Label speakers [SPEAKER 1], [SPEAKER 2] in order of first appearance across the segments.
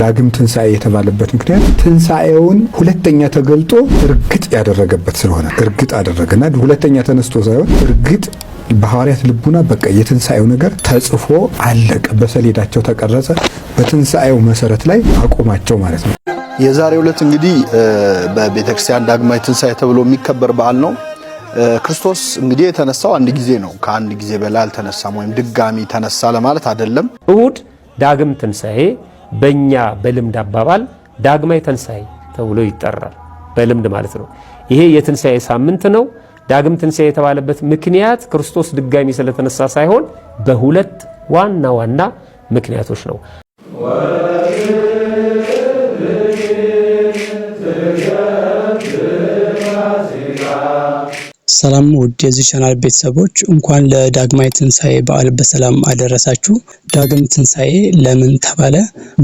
[SPEAKER 1] ዳግም ትንሣኤ የተባለበት ምክንያት ትንሣኤውን ሁለተኛ ተገልጦ እርግጥ ያደረገበት ስለሆነ እርግጥ አደረገ እና ሁለተኛ ተነስቶ ሳይሆን እርግጥ በሐዋርያት ልቡና በቃ የትንሣኤው ነገር ተጽፎ አለቀ፣ በሰሌዳቸው ተቀረጸ። በትንሣኤው መሰረት ላይ አቆማቸው ማለት ነው። የዛሬ ዕለት እንግዲህ በቤተ ክርስቲያን ዳግማዊ ትንሣኤ ተብሎ የሚከበር በዓል ነው። ክርስቶስ እንግዲህ የተነሳው አንድ ጊዜ ነው። ከአንድ ጊዜ በላይ አልተነሳም፣ ወይም ድጋሚ ተነሳ ለማለት አይደለም።
[SPEAKER 2] እሁድ ዳግም ትንሣኤ በእኛ በልምድ አባባል ዳግማይ ተንሳኤ ተብሎ ይጠራል። በልምድ ማለት ነው። ይሄ የትንሣኤ ሳምንት ነው። ዳግም ትንሣኤ የተባለበት ምክንያት ክርስቶስ ድጋሚ ስለተነሳ ሳይሆን በሁለት ዋና ዋና ምክንያቶች ነው።
[SPEAKER 1] ሰላም ውድ የዚህ ቻናል ቤተሰቦች እንኳን ለዳግማይ ትንሣኤ በዓል በሰላም አደረሳችሁ። ዳግም ትንሣኤ ለምን ተባለ?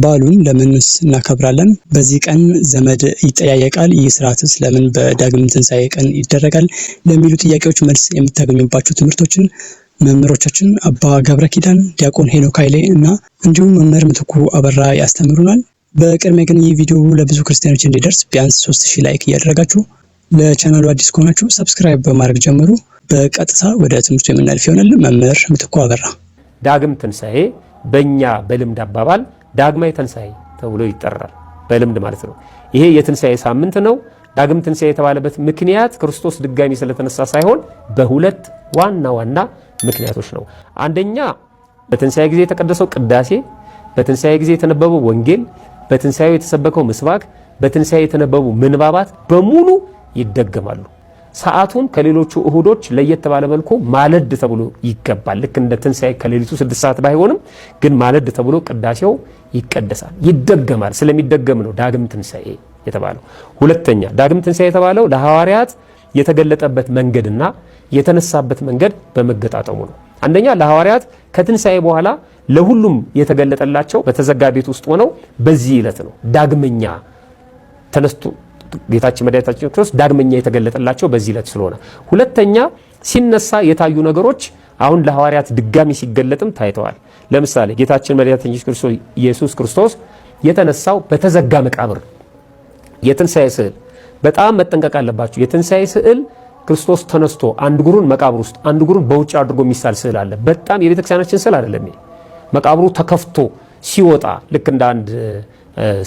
[SPEAKER 1] በዓሉን ለምንስ እናከብራለን? በዚህ ቀን ዘመድ ይጠያየቃል። ይህ ስርዓትስ ለምን በዳግም ትንሣኤ ቀን ይደረጋል? ለሚሉ ጥያቄዎች መልስ የምታገኙባቸው ትምህርቶችን መምህሮቻችን አባ ገብረ ኪዳን፣ ዲያቆን ሄኖክ ኃይሌ እና እንዲሁም መምህር ምትኩ አበራ ያስተምሩናል። በቅድሚያ ግን ይህ ቪዲዮ ለብዙ ክርስቲያኖች እንዲደርስ ቢያንስ ሶስት ሺህ ላይክ እያደረጋችሁ ለቻናሉ አዲስ ከሆናችሁ ሰብስክራይብ በማድረግ ጀምሩ። በቀጥታ ወደ ትምህርቱ የምናልፍ ይሆናል። መምህር ምትኩ አበራ።
[SPEAKER 2] ዳግም ትንሣኤ በእኛ በልምድ አባባል ዳግማይ ትንሣኤ ተብሎ ይጠራል። በልምድ ማለት ነው። ይሄ የትንሣኤ ሳምንት ነው። ዳግም ትንሣኤ የተባለበት ምክንያት ክርስቶስ ድጋሚ ስለተነሳ ሳይሆን በሁለት ዋና ዋና ምክንያቶች ነው። አንደኛ በትንሣኤ ጊዜ የተቀደሰው ቅዳሴ፣ በትንሣኤ ጊዜ የተነበበው ወንጌል፣ በትንሣኤው የተሰበከው ምስባክ፣ በትንሣኤ የተነበቡ ምንባባት በሙሉ ይደገማሉ። ሰዓቱን ከሌሎቹ እሁዶች ለየት ባለ መልኩ ማለድ ተብሎ ይገባል። ልክ እንደ ትንሣኤ ከሌሊቱ ስድስት ሰዓት ባይሆንም ግን ማለድ ተብሎ ቅዳሴው ይቀደሳል፣ ይደገማል። ስለሚደገም ነው ዳግም ትንሣኤ የተባለው። ሁለተኛ ዳግም ትንሣኤ የተባለው ለሐዋርያት የተገለጠበት መንገድና የተነሳበት መንገድ በመገጣጠሙ ነው። አንደኛ ለሐዋርያት ከትንሣኤ በኋላ ለሁሉም የተገለጠላቸው በተዘጋ ቤት ውስጥ ሆነው በዚህ ዕለት ነው ዳግመኛ ተነስቶ ጌታችን መድኃኒታችን ክርስቶስ ዳግመኛ የተገለጠላቸው በዚህ ዕለት ስለሆነ፣ ሁለተኛ ሲነሳ የታዩ ነገሮች አሁን ለሐዋርያት ድጋሚ ሲገለጥም ታይተዋል። ለምሳሌ ጌታችን መድኃኒታችን ክርስቶስ ኢየሱስ ክርስቶስ የተነሳው በተዘጋ መቃብር የትንሣኤ ስዕል በጣም መጠንቀቅ አለባቸው። የትንሣኤ ስዕል ክርስቶስ ተነስቶ አንድ እግሩን መቃብር ውስጥ አንድ እግሩን በውጭ አድርጎ የሚሳል ስዕል አለ። በጣም የቤተክርስቲያናችን ስዕል አይደለም። መቃብሩ ተከፍቶ ሲወጣ ልክ እንደ አንድ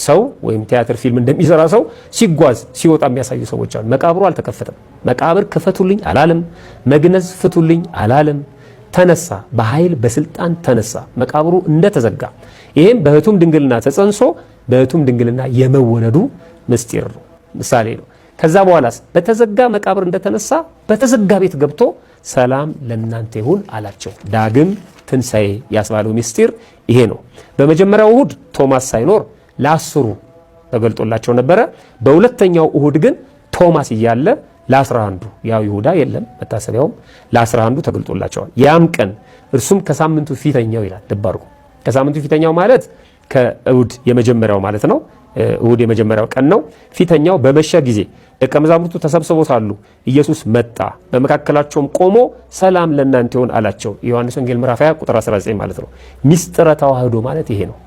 [SPEAKER 2] ሰው ወይም ቲያትር ፊልም እንደሚሰራ ሰው ሲጓዝ ሲወጣ የሚያሳዩ ሰዎች አሉ። መቃብሩ አልተከፈተም። መቃብር ክፈቱልኝ አላለም። መግነዝ ፍቱልኝ አላለም። ተነሳ፣ በኃይል በስልጣን ተነሳ። መቃብሩ እንደተዘጋ ይህም በህቱም ድንግልና ተጸንሶ በህቱም ድንግልና የመወለዱ ምስጢር ነው፣ ምሳሌ ነው። ከዛ በኋላስ በተዘጋ መቃብር እንደተነሳ በተዘጋ ቤት ገብቶ ሰላም ለእናንተ ይሁን አላቸው። ዳግም ትንሣኤ ያስባለው ምስጢር ይሄ ነው። በመጀመሪያው እሁድ ቶማስ ሳይኖር ለአስሩ ተገልጦላቸው ነበረ። በሁለተኛው እሁድ ግን ቶማስ እያለ ለአስራ አንዱ ያው ይሁዳ የለም መታሰቢያውም ለአስራ አንዱ ተገልጦላቸዋል። ያም ቀን እርሱም ከሳምንቱ ፊተኛው ይላል። ደባርቁ ከሳምንቱ ፊተኛው ማለት ከእሁድ የመጀመሪያው ማለት ነው። እሁድ የመጀመሪያው ቀን ነው። ፊተኛው በመሸ ጊዜ ደቀ መዛሙርቱ ተሰብስቦ ሳሉ ኢየሱስ መጣ፣ በመካከላቸውም ቆሞ ሰላም ለእናንተ ይሆን አላቸው። ዮሐንስ ወንጌል ምዕራፍ 20 ቁጥር 19 ማለት ነው። ሚስጥረ ተዋህዶ ማለት ይሄ ነው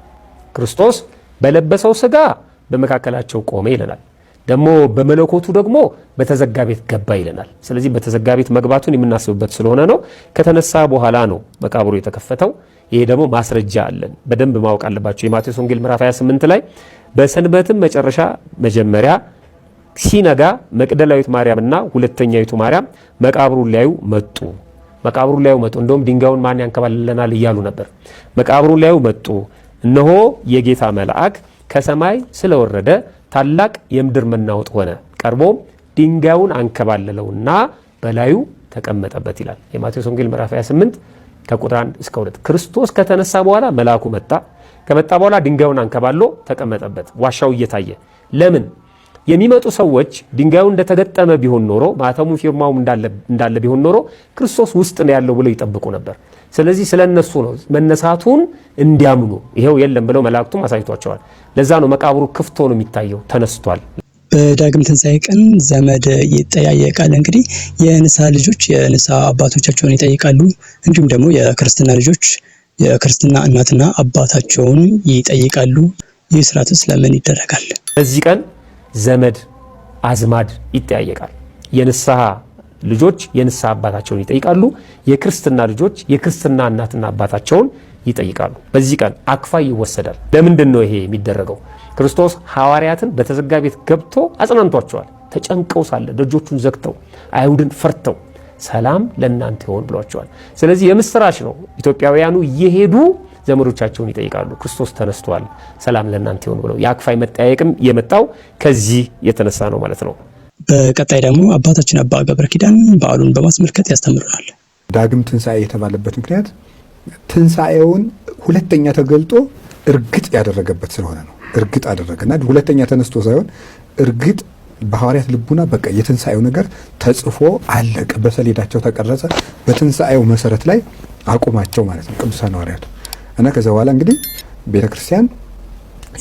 [SPEAKER 2] ክርስቶስ በለበሰው ስጋ በመካከላቸው ቆመ ይለናል። ደግሞ በመለኮቱ ደግሞ በተዘጋ ቤት ገባ ይለናል። ስለዚህ በተዘጋ ቤት መግባቱን የምናስብበት ስለሆነ ነው። ከተነሳ በኋላ ነው መቃብሩ የተከፈተው። ይሄ ደግሞ ማስረጃ አለን፣ በደንብ ማወቅ አለባቸው። የማቴዎስ ወንጌል ምዕራፍ 28 ላይ በሰንበትም መጨረሻ መጀመሪያ ሲነጋ መቅደላዊት ማርያምና ሁለተኛዊቱ ማርያም መቃብሩን ሊያዩ መጡ። መቃብሩን ሊያዩ መጡ። እንደውም ድንጋዩን ማን ያንከባልለናል እያሉ ነበር። መቃብሩን ሊያዩ መጡ። እነሆ የጌታ መልአክ ከሰማይ ስለወረደ ታላቅ የምድር መናወጥ ሆነ፣ ቀርቦም ድንጋዩን አንከባለለውና በላዩ ተቀመጠበት ይላል የማቴዎስ ወንጌል ምዕራፍ 28 ከቁጥር 1 እስከ 2። ክርስቶስ ከተነሳ በኋላ መልአኩ መጣ። ከመጣ በኋላ ድንጋዩን አንከባሎ ተቀመጠበት፣ ዋሻው እየታየ ለምን የሚመጡ ሰዎች ድንጋዩ እንደተገጠመ ቢሆን ኖሮ ማተሙ ፊርማውም እንዳለ ቢሆን ኖሮ ክርስቶስ ውስጥ ነው ያለው ብለው ይጠብቁ ነበር። ስለዚህ ስለ እነሱ ነው መነሳቱን እንዲያምኑ ይሄው የለም ብለው መላእክቱም አሳይቷቸዋል። ለዛ ነው መቃብሩ ክፍቶ ነው የሚታየው ተነስቷል።
[SPEAKER 1] በዳግም ትንሣኤ ቀን ዘመድ ይጠያየቃል። እንግዲህ የንሳ ልጆች የንሳ አባቶቻቸውን ይጠይቃሉ። እንዲሁም ደግሞ የክርስትና ልጆች የክርስትና እናትና አባታቸውን ይጠይቃሉ። ይህ ስርዓት ለምን ይደረጋል?
[SPEAKER 2] በዚህ ቀን ዘመድ አዝማድ ይጠያየቃል። የንስሐ ልጆች የንስሐ አባታቸውን ይጠይቃሉ። የክርስትና ልጆች የክርስትና እናትና አባታቸውን ይጠይቃሉ። በዚህ ቀን አክፋይ ይወሰዳል። ለምንድን ነው ይሄ የሚደረገው? ክርስቶስ ሐዋርያትን በተዘጋ ቤት ገብቶ አጽናንቷቸዋል። ተጨንቀው ሳለ ደጆቹን ዘግተው አይሁድን ፈርተው ሰላም ለእናንተ ይሆን ብሏቸዋል። ስለዚህ የምስራች ነው። ኢትዮጵያውያኑ እየሄዱ ዘመዶቻቸውን ይጠይቃሉ። ክርስቶስ ተነስቷል፣ ሰላም ለእናንተ ይሁን ብለው። የአክፋይ መጠያየቅም የመጣው ከዚህ የተነሳ ነው ማለት ነው።
[SPEAKER 1] በቀጣይ ደግሞ አባታችን አባ ገብረ ኪዳን በዓሉን በማስመልከት ያስተምረናል። ዳግም ትንሣኤ የተባለበት ምክንያት ትንሣኤውን ሁለተኛ ተገልጦ እርግጥ ያደረገበት ስለሆነ ነው። እርግጥ አደረገና ሁለተኛ ተነስቶ ሳይሆን እርግጥ በሐዋርያት ልቡና በቃ የትንሣኤው ነገር ተጽፎ አለቀ፣ በሰሌዳቸው ተቀረጸ። በትንሣኤው መሰረት ላይ አቁማቸው ማለት ነው ቅዱሳን ሐዋርያቱ እና ከዛ በኋላ እንግዲህ ቤተክርስቲያን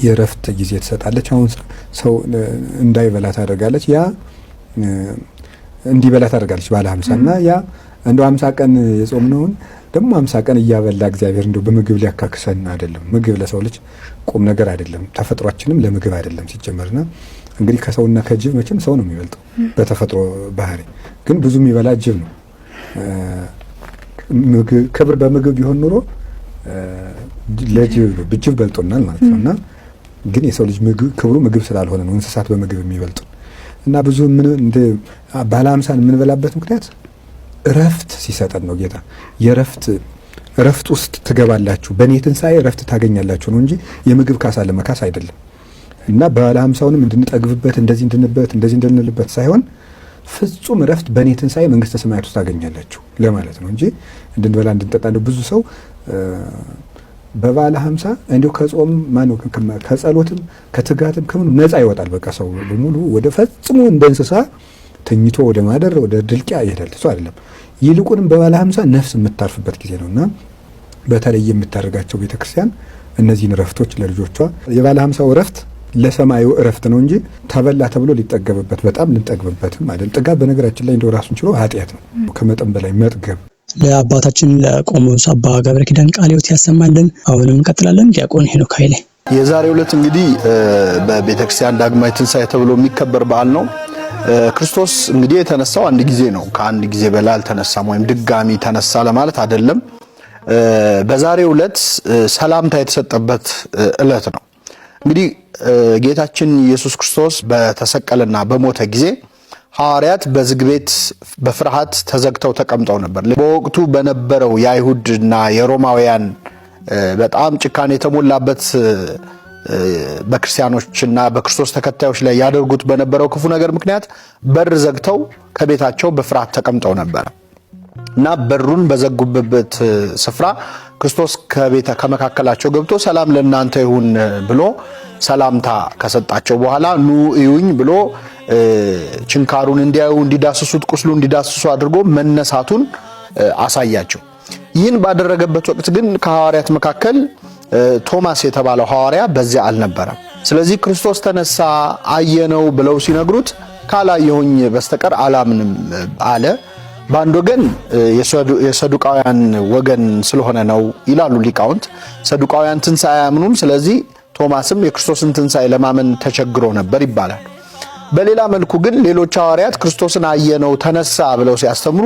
[SPEAKER 1] የረፍት የእረፍት ጊዜ ትሰጣለች። አሁን ሰው እንዳይበላ ታደርጋለች። ያ እንዲበላ ታደርጋለች ባለ ሀምሳ እና ያ እንደ ሀምሳ ቀን የጾም ነውን ደግሞ ሀምሳ ቀን እያበላ እግዚአብሔር እንደው በምግብ ሊያካክሰን አይደለም። ምግብ ለሰው ልጅ ቁም ነገር አይደለም። ተፈጥሯችንም ለምግብ አይደለም ሲጀመርና እንግዲህ ከሰውና ከጅብ መቼም ሰው ነው የሚበልጠው በተፈጥሮ ባህሪ። ግን ብዙ የሚበላ ጅብ ነው። ክብር በምግብ ቢሆን ኑሮ ለጅብ ነው ብጅብ በልጦናል ማለት ነው። እና ግን የሰው ልጅ ምግብ ክብሩ ምግብ ስላልሆነ ነው እንስሳት በምግብ የሚበልጡ እና ብዙ ባለ ሀምሳን የምንበላበት ምክንያት እረፍት ሲሰጠን ነው። ጌታ የእረፍት እረፍት ውስጥ ትገባላችሁ፣ በእኔ ትንሣኤ እረፍት ታገኛላችሁ ነው እንጂ የምግብ ካሳ ለመካስ አይደለም። እና ባለ ሀምሳውንም እንድንጠግብበት እንደዚህ እንድንበት እንደዚህ እንድንልበት ሳይሆን ፍጹም እረፍት በእኔ ትንሣኤ መንግስተ ሰማያት ውስጥ ታገኛላችሁ ለማለት ነው እንጂ እንድንበላ እንድንጠጣ ብዙ ሰው በባለ ሀምሳ እንዲሁ ከጾም ማነው ከጸሎትም ከትጋትም ከምንም ነፃ ይወጣል። በቃ ሰው በሙሉ ወደ ፈጽሞ እንደ እንስሳ ተኝቶ ወደ ማደር ወደ ድልቂያ ይሄዳል። እሱ አይደለም። ይልቁንም በባለ ሀምሳ ነፍስ የምታርፍበት ጊዜ ነው እና በተለይ የምታደርጋቸው ቤተክርስቲያን እነዚህን እረፍቶች ለልጆቿ የባለ ሀምሳው እረፍት ለሰማዩ እረፍት ነው እንጂ ተበላ ተብሎ ሊጠገብበት በጣም ልንጠግብበትም አይደል። ጥጋብ በነገራችን ላይ እንደው ራሱን ችሎ ኃጢአት ነው ከመጠን በላይ መጥገብ ለአባታችን ለቆሞስ አባ ገብረ ኪዳን ቃለ ሕይወት ያሰማልን። አሁንም እንቀጥላለን። ዲያቆን ሄኖክ ኃይሌ። የዛሬ ዕለት እንግዲህ በቤተክርስቲያን ክርስቲያን ዳግማዊ ትንሣኤ ተብሎ የሚከበር በዓል ነው። ክርስቶስ እንግዲህ የተነሳው አንድ ጊዜ ነው። ከአንድ ጊዜ በላይ አልተነሳም፣ ወይም ድጋሚ ተነሳ ለማለት አይደለም። በዛሬው ዕለት ሰላምታ የተሰጠበት ዕለት ነው። እንግዲህ ጌታችን ኢየሱስ ክርስቶስ በተሰቀለና በሞተ ጊዜ ሐዋርያት በዝግ ቤት በፍርሃት ተዘግተው ተቀምጠው ነበር። በወቅቱ በነበረው የአይሁድና የሮማውያን በጣም ጭካኔ የተሞላበት በክርስቲያኖችና በክርስቶስ ተከታዮች ላይ ያደርጉት በነበረው ክፉ ነገር ምክንያት በር ዘግተው ከቤታቸው በፍርሃት ተቀምጠው ነበር። እና በሩን በዘጉበት ስፍራ ክርስቶስ ከቤተ ከመካከላቸው ገብቶ ሰላም ለእናንተ ይሁን ብሎ ሰላምታ ከሰጣቸው በኋላ ኑ እዩኝ ብሎ ችንካሩን እንዲያዩ እንዲዳስሱት፣ ቁስሉ እንዲዳስሱ አድርጎ መነሳቱን አሳያቸው። ይህን ባደረገበት ወቅት ግን ከሐዋርያት መካከል ቶማስ የተባለው ሐዋርያ በዚያ አልነበረም። ስለዚህ ክርስቶስ ተነሳ አየነው ብለው ሲነግሩት ካላየሁኝ በስተቀር አላምንም አለ። በአንድ ወገን የሰዱቃውያን ወገን ስለሆነ ነው ይላሉ ሊቃውንት። ሰዱቃውያን ትንሣኤ አያምኑም። ስለዚህ ቶማስም የክርስቶስን ትንሣኤ ለማመን ተቸግሮ ነበር ይባላል። በሌላ መልኩ ግን ሌሎች ሐዋርያት ክርስቶስን አየነው ተነሳ ብለው ሲያስተምሩ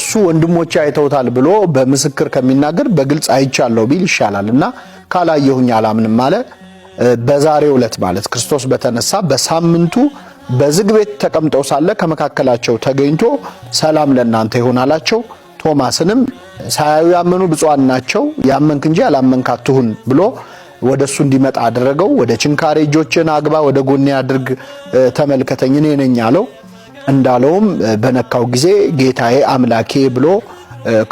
[SPEAKER 1] እሱ ወንድሞቼ አይተውታል ብሎ በምስክር ከሚናገር በግልጽ አይቻለሁ ቢል ይሻላል እና ካላየሁኝ አላምንም አለ። በዛሬው ዕለት ማለት ክርስቶስ በተነሳ በሳምንቱ በዝግ ቤት ተቀምጠው ሳለ ከመካከላቸው ተገኝቶ ሰላም ለእናንተ ይሁን አላቸው። ቶማስንም ሳያዩ ያመኑ ብፁዓን ናቸው፣ ያመንክ እንጂ ያላመንክ አትሁን ብሎ ወደ እሱ እንዲመጣ አደረገው። ወደ ችንካሬ እጆችን አግባ፣ ወደ ጎኔ አድርግ፣ ተመልከተኝ፣ እኔ ነኝ አለው። እንዳለውም በነካው ጊዜ ጌታዬ አምላኬ ብሎ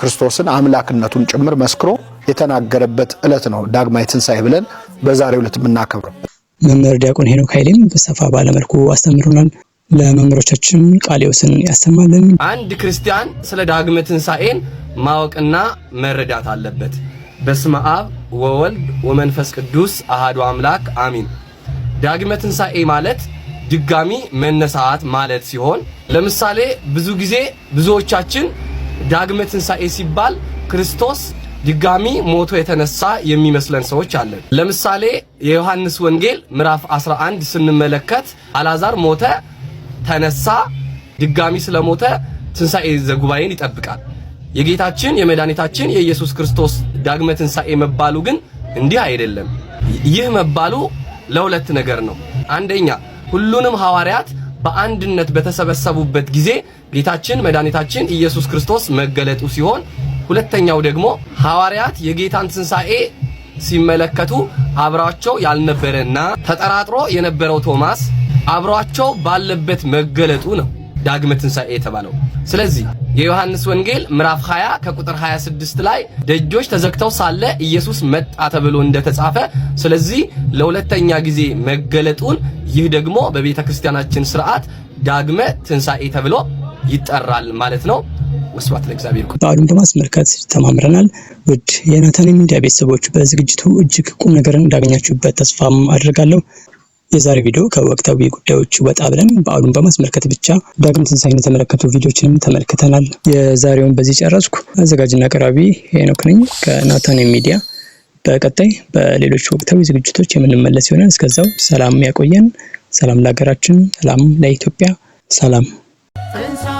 [SPEAKER 1] ክርስቶስን አምላክነቱን ጭምር መስክሮ የተናገረበት ዕለት ነው። ዳግማይ ትንሣኤ ብለን በዛሬው ዕለት የምናከብረው መምህር ዲያቆን ሄኖክ ኃይሌም በሰፋ ባለመልኩ አስተምሩናል። ለመምህሮቻችን ቃሌዎስን ያሰማልን።
[SPEAKER 2] አንድ ክርስቲያን ስለ ዳግመ ትንሣኤን ማወቅና መረዳት አለበት። በስመ አብ ወወልድ ወመንፈስ ቅዱስ አሃዱ አምላክ አሚን። ዳግመ ትንሣኤ ማለት ድጋሚ መነሳት ማለት ሲሆን ለምሳሌ ብዙ ጊዜ ብዙዎቻችን ዳግመ ትንሣኤ ሲባል ክርስቶስ ድጋሚ ሞቶ የተነሳ የሚመስለን ሰዎች አለን። ለምሳሌ የዮሐንስ ወንጌል ምዕራፍ 11 ስንመለከት አላዛር ሞተ፣ ተነሳ፣ ድጋሚ ስለሞተ ትንሣኤ ዘጉባኤን ይጠብቃል። የጌታችን የመድኃኒታችን የኢየሱስ ክርስቶስ ዳግመ ትንሣኤ መባሉ ግን እንዲህ አይደለም። ይህ መባሉ ለሁለት ነገር ነው። አንደኛ ሁሉንም ሐዋርያት በአንድነት በተሰበሰቡበት ጊዜ ጌታችን መድኃኒታችን ኢየሱስ ክርስቶስ መገለጡ ሲሆን ሁለተኛው ደግሞ ሐዋርያት የጌታን ትንሣኤ ሲመለከቱ አብሯቸው ያልነበረና ተጠራጥሮ የነበረው ቶማስ አብሯቸው ባለበት መገለጡ ነው ዳግመ ትንሣኤ የተባለው። ስለዚህ የዮሐንስ ወንጌል ምዕራፍ 20 ከቁጥር 26 ላይ ደጆች ተዘግተው ሳለ ኢየሱስ መጣ ተብሎ እንደተጻፈ፣ ስለዚህ ለሁለተኛ ጊዜ መገለጡን ይህ ደግሞ በቤተ ክርስቲያናችን ስርዓት ዳግመ ትንሣኤ ተብሎ ይጠራል ማለት ነው። ወስብሐት ለእግዚአብሔር።
[SPEAKER 1] በዓሉን በማስመልከት ተማምረናል። ውድ የናታን ሚዲያ ቤተሰቦች በዝግጅቱ እጅግ ቁም ነገርን እንዳገኛችሁበት ተስፋም አድርጋለሁ። የዛሬ ቪዲዮ ከወቅታዊ ጉዳዮች ወጣ ብለን በዓሉን በማስመልከት ብቻ ዳግም ትንሳኤን የተመለከቱ ቪዲዮችንም ተመልክተናል። የዛሬውን በዚህ ጨረስኩ። አዘጋጅና አቅራቢ ሄኖክ ነኝ ከናታን ሚዲያ። በቀጣይ በሌሎች ወቅታዊ ዝግጅቶች የምንመለስ ይሆናል። እስከዛው ሰላም ያቆየን። ሰላም ለሀገራችን፣ ሰላም ለኢትዮጵያ፣ ሰላም